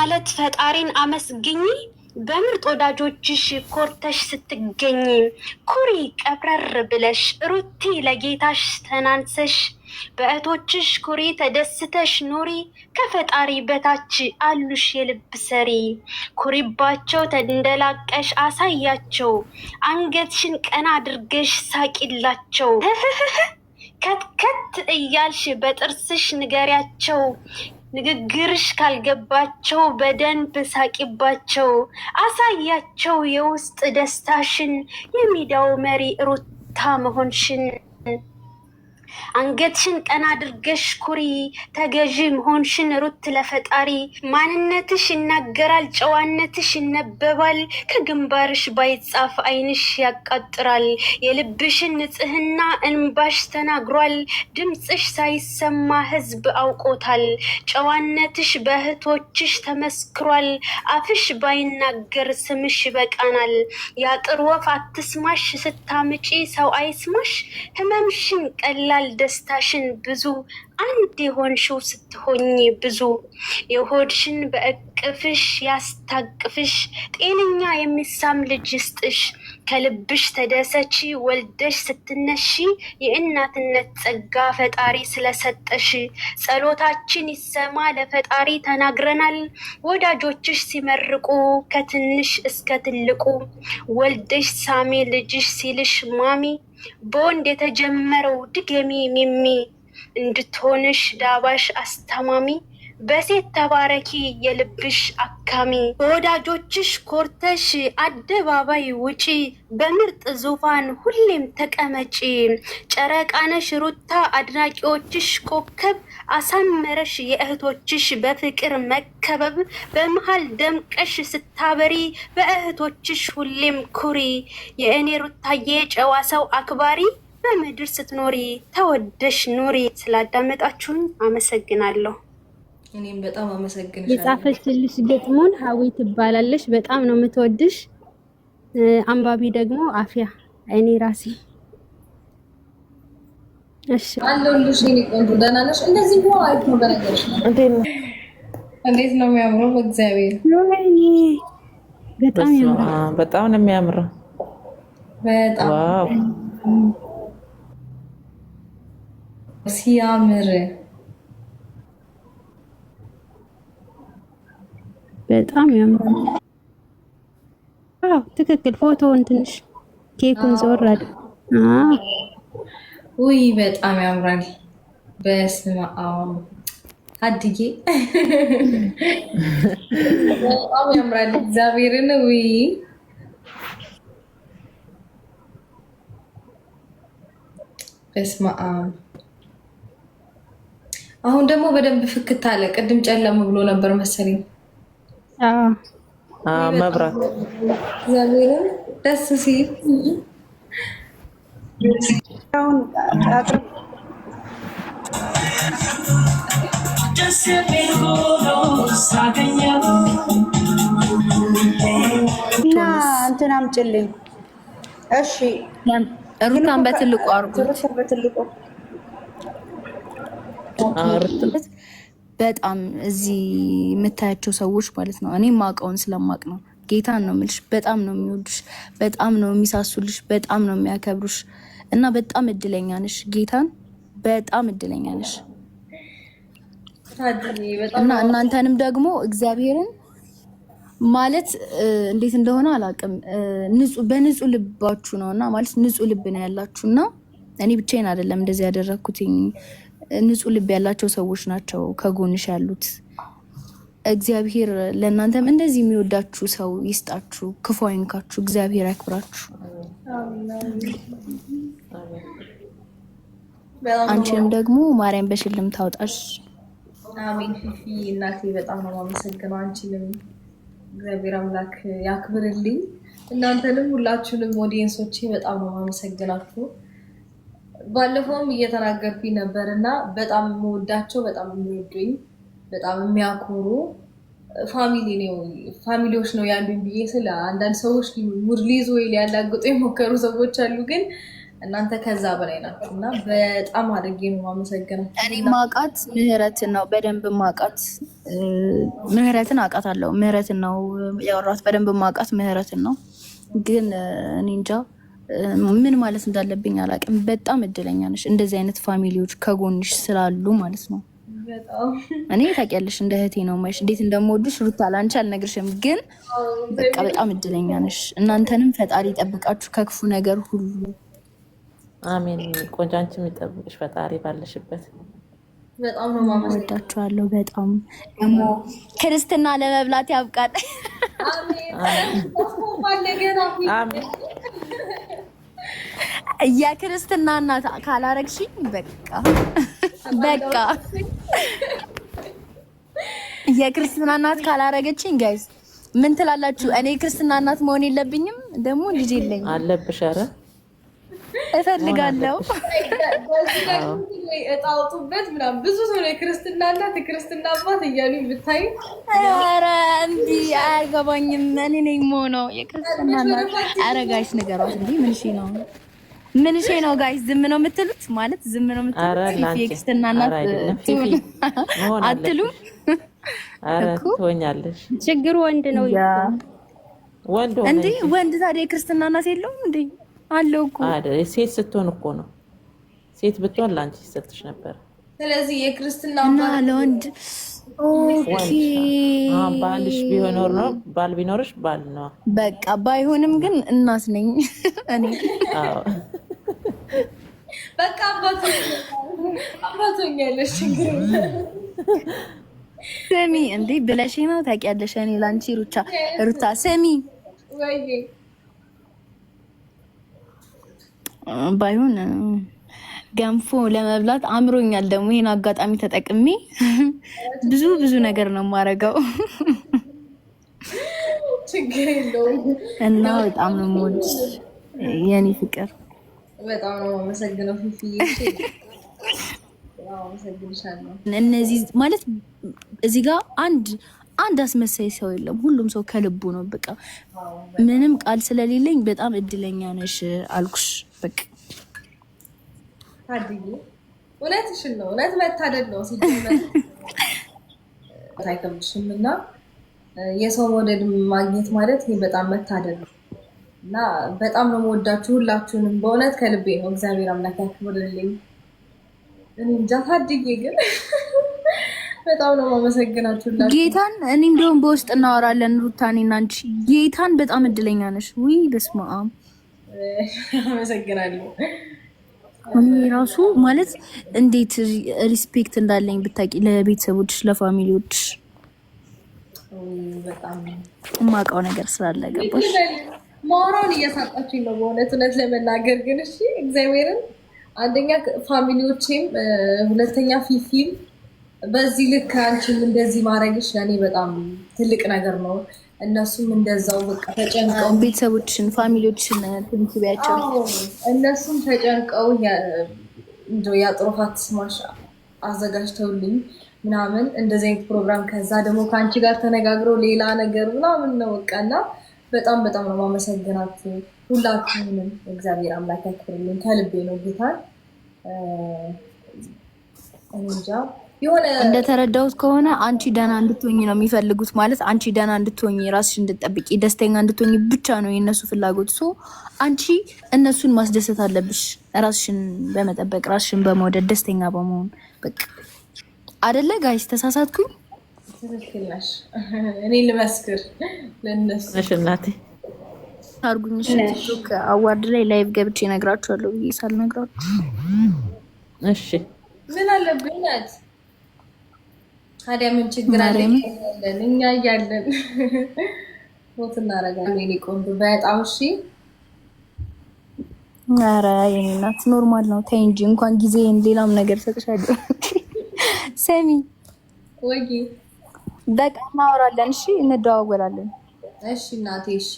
ማለት ፈጣሪን አመስግኝ። በምርጥ ወዳጆችሽ ኮርተሽ ስትገኝ ኩሪ ቀብረር ብለሽ ሩቲ ለጌታሽ ተናንሰሽ በእህቶችሽ ኩሪ ተደስተሽ ኑሪ። ከፈጣሪ በታች አሉሽ የልብ ሰሪ። ኩሪባቸው ተንደላቀሽ አሳያቸው። አንገትሽን ቀና አድርገሽ ሳቂላቸው። ከትከት እያልሽ በጥርስሽ ንገሪያቸው። ንግግርሽ ካልገባቸው በደንብ ሳቂባቸው፣ አሳያቸው የውስጥ ደስታሽን፣ የሜዳው መሪ ሩታ መሆንሽን አንገትሽን ቀና አድርገሽ ኩሪ። ተገዢ መሆንሽን ሩት ለፈጣሪ። ማንነትሽ ይናገራል፣ ጨዋነትሽ ይነበባል። ከግንባርሽ ባይጻፍ አይንሽ ያቃጥራል። የልብሽን ንጽህና እንባሽ ተናግሯል። ድምፅሽ ሳይሰማ ሕዝብ አውቆታል። ጨዋነትሽ በእህቶችሽ ተመስክሯል። አፍሽ ባይናገር ስምሽ ይበቃናል። የአጥር ወፍ አትስማሽ፣ ስታምጪ ሰው አይስማሽ። ህመምሽን ቀላል ይሆናል ደስታሽን ብዙ አንድ የሆንሽው ስትሆኝ ብዙ የሆድሽን በእቅፍሽ ያስታቅፍሽ ጤነኛ የሚሳም ልጅ ይስጥሽ ከልብሽ ተደሰች ወልደሽ ስትነሺ የእናትነት ጸጋ ፈጣሪ ስለሰጠሽ ጸሎታችን ይሰማ ለፈጣሪ ተናግረናል ወዳጆችሽ ሲመርቁ ከትንሽ እስከ ትልቁ ወልደሽ ሳሜ ልጅሽ ሲልሽ ማሚ በወንድ የተጀመረው ድገሚ ሚሚ እንድትሆንሽ ዳባሽ አስተማሚ በሴት ተባረኪ የልብሽ አካሚ፣ በወዳጆችሽ ኮርተሽ አደባባይ ውጪ፣ በምርጥ ዙፋን ሁሌም ተቀመጪ። ጨረቃነሽ ሩታ አድናቂዎችሽ ኮከብ አሳመረሽ የእህቶችሽ በፍቅር መከበብ፣ በመሀል ደምቀሽ ስታበሪ፣ በእህቶችሽ ሁሌም ኩሪ። የእኔ ሩታዬ ጨዋ ሰው አክባሪ በምድር ስትኖሪ ተወደሽ ኑሪ። ስላዳመጣችሁኝ አመሰግናለሁ። እኔም በጣም አመሰግንሻለሁ። የጻፈችልሽ ግጥሙን ሀዊ ትባላለች። በጣም ነው የምትወድሽ። አንባቢ ደግሞ አፍያ እኔ ራሴ እንዴት ነው የሚያምረው! በእግዚአብሔር በጣም ነው የሚያምረው። በጣም ሲያምር በጣም ያምራል። አዎ ትክክል። ፎቶውን ትንሽ ኬኩን ዘወር አለ። ውይ በጣም ያምራል። በስመ አብ አድጌ በጣም ያምራል። እግዚአብሔርን ውይ በስመ አብ አሁን ደግሞ በደንብ ፍክት አለ። ቅድም ጨለም ብሎ ነበር መሰለኝ። መብራት እግዚአብሔርን ደስ ሲል እና እንትን አምጪልኝ። እሺ ሩታን በትልቁ አድርጉት። በጣም እዚህ የምታያቸው ሰዎች ማለት ነው። እኔ ማውቀውን ስለማቅ ነው። ጌታን ነው የምልሽ። በጣም ነው የሚወዱሽ፣ በጣም ነው የሚሳሱልሽ፣ በጣም ነው የሚያከብሩሽ እና በጣም እድለኛ ነሽ። ጌታን በጣም እድለኛ ነሽ እና እናንተንም ደግሞ እግዚአብሔርን ማለት እንዴት እንደሆነ አላውቅም። በንጹህ ልባችሁ ነው እና ማለት ንጹህ ልብ ነው ያላችሁ እና እኔ ብቻዬን አይደለም እንደዚህ ያደረግኩትኝ። ንጹህ ልብ ያላቸው ሰዎች ናቸው ከጎንሽ ያሉት። እግዚአብሔር ለእናንተም እንደዚህ የሚወዳችሁ ሰው ይስጣችሁ፣ ክፉ አይንካችሁ፣ እግዚአብሔር ያክብራችሁ። አንቺንም ደግሞ ማርያም በሽልም ታውጣሽ። አሜን። ፊፊ እናቴ በጣም ነው የማመሰግነው። አንቺንም እግዚአብሔር አምላክ ያክብርልኝ። እናንተንም ሁላችሁንም ኦዲየንሶቼ በጣም ነው የማመሰግናችሁ። ባለፈውም እየተናገርኩኝ ነበር እና በጣም የምወዳቸው በጣም የሚወዱኝ በጣም የሚያኮሩ ፋሚሊ ነው ፋሚሊዎች ነው ያሉኝ ብዬ ስለ አንዳንድ ሰዎች ሙድ ሊይዙ ወይ ሊያላግጡ የሞከሩ ሰዎች አሉ፣ ግን እናንተ ከዛ በላይ ናቸው እና በጣም አድርጌ ነው የማመሰግናቸው። እኔ ማቃት ምህረትን ነው በደንብ ማቃት ምህረትን አቃት አለው ምህረትን ነው ያወራት በደንብ ማቃት ምህረትን ነው ግን እኔ እንጃ ምን ማለት እንዳለብኝ አላውቅም። በጣም እድለኛ ነሽ፣ እንደዚህ አይነት ፋሚሊዎች ከጎንሽ ስላሉ ማለት ነው። እኔ ታውቂያለሽ፣ እንደ እህቴ ነው ማሽ እንዴት እንደምወዱሽ ሩታ ላንቺ አልነግርሽም፣ ግን በቃ በጣም እድለኛ ነሽ። እናንተንም ፈጣሪ ይጠብቃችሁ ከክፉ ነገር ሁሉ አሜን። ቆንጆ፣ አንቺም ይጠብቅሽ ፈጣሪ ባለሽበት። በጣም ነው የማወዳችኋለሁ። በጣም ደግሞ ክርስትና ለመብላት ያብቃል። አሜን። የክርስትና እናት ካላረግሽኝ በቃ በቃ የክርስትና እናት ካላረገችኝ ጋይስ ምን ትላላችሁ? እኔ ክርስትና እናት መሆን የለብኝም? ደግሞ ልጅ የለኝ አለብሽ። ኧረ እፈልጋለሁ። እጣ ምናምን ብዙ ሰው የክርስትና እናት የክርስትና አባት እያሉ ብታይ፣ ኧረ እንዲህ አያገባኝም። እኔ ነኝ መሆነው የክርስትና እናት። አረጋሽ ንገሯት እንዲህ ምንሽ ነው ምን ሼ ነው ጋይስ? ዝም ነው የምትሉት? ማለት ዝም ነው የምትሉት? ኤክስትና እናት አትሉም? ትሆኛለሽ። ችግሩ ወንድ ነው እንዴ? ወንድ ታዲያ የክርስትና እናት የለውም እንዴ? አለው እኮ ሴት ስትሆን እኮ ነው። ሴት ብትሆን ለአንቺ ይሰጥሽ ነበር። ስለዚህ የክርስትና እና ለወንድ ባልሽ ቢሆኖር ነው ባል ቢኖርሽ ባል ነው በቃ። ባይሆንም ግን እናት ነኝ እኔ በቃ አባቶኛለሽ። ችግር ስሚ፣ እንዴ ብለሽ ነው ታውቂያለሽ። እኔ ላንቺ ሩቻ ሩታ ስሚ፣ ባይሆን ገንፎ ለመብላት አምሮኛል። ደግሞ ይሄን አጋጣሚ ተጠቅሜ ብዙ ብዙ ነገር ነው የማደርገው እና በጣም ነው የምወድሽ የኔ ፍቅር በጣም ነው የማመሰግነው ፊፊዬ። እነዚህ ማለት እዚህ ጋር አንድ አንድ አስመሳይ ሰው የለም። ሁሉም ሰው ከልቡ ነው። በቃ ምንም ቃል ስለሌለኝ በጣም እድለኛ ነሽ አልኩሽ። በቃ ታድዬ እውነትሽን ነው። እውነት መታደድ ነው ሲጀመር አይከብድሽም። እና የሰው መውደድ ማግኘት ማለት በጣም መታደድ ነው። እና በጣም ነው መወዳችሁ ሁላችሁንም በእውነት ከልቤ ነው። እግዚአብሔር አምላክ ያክብርልኝ። እኔ እንጃ ግን በጣም ነው ማመሰግናችሁ ጌታን። እኔ እንደውም በውስጥ እናወራለን ሩታኔ እና አንቺ ጌታን በጣም እድለኛ ነሽ። ውይ በስመ አብ አመሰግናለሁ። እኔ ራሱ ማለት እንዴት ሪስፔክት እንዳለኝ ብታውቂ ለቤተሰቦች፣ ለፋሚሊዎች በጣም የማውቀው ነገር ስላለ ገባሽ ማውራውን እያሳጣችኝ ነው በእውነት እውነት ለመናገር ግን፣ እሺ እግዚአብሔርን አንደኛ ፋሚሊዎቼም፣ ሁለተኛ ፊፊም በዚህ ልክ አንቺም እንደዚህ ማድረግሽ ለእኔ በጣም ትልቅ ነገር ነው። እነሱም እንደዛው በቃ ተጨንቀው ቤተሰቦችን ፋሚሊዎችን ትንኪቢያቸው እነሱም ተጨንቀው የአጥሮፋት ስማሽ አዘጋጅተውልኝ ምናምን እንደዚህ አይነት ፕሮግራም ከዛ ደግሞ ከአንቺ ጋር ተነጋግረው ሌላ ነገር ምናምን ነው በቃ እና በጣም በጣም ነው ማመሰግናት ሁላችሁንም። እግዚአብሔር አምላክ ያክብርልን ከልቤ ነው ጌታ እንጃ እንደተረዳሁት ከሆነ አንቺ ደህና እንድትሆኝ ነው የሚፈልጉት። ማለት አንቺ ደህና እንድትሆኝ፣ ራስሽ እንድትጠብቂ፣ ደስተኛ እንድትሆኝ ብቻ ነው የእነሱ ፍላጎት። ሶ አንቺ እነሱን ማስደሰት አለብሽ፣ ራስሽን በመጠበቅ ራስሽን በመውደድ ደስተኛ በመሆን በቃ። አደለ ጋይስ? ተሳሳትኩኝ? እኔ ልመስክር ለእነሱ እናቴ አርጉኝ ቲክቶክ አዋርድ ላይ ላይቭ ገብቼ እነግራችኋለሁ ብዬ ሳልነግራችሁ። እሺ ምን አለብኝ ናት ታዲያ? ምን ችግር አለ? እኛ እያለን ሞት እናደርጋለን። ቆንጆ በጣም እሺ። ኧረ እናት ኖርማል ነው። ተይ እንጂ እንኳን ጊዜን ሌላም ነገር ሰጥሻለሁ። ሰሚ ወጌ በቃ እናወራለን። እሺ፣ እንደዋወላለን። እሺ እናቴ፣ እሺ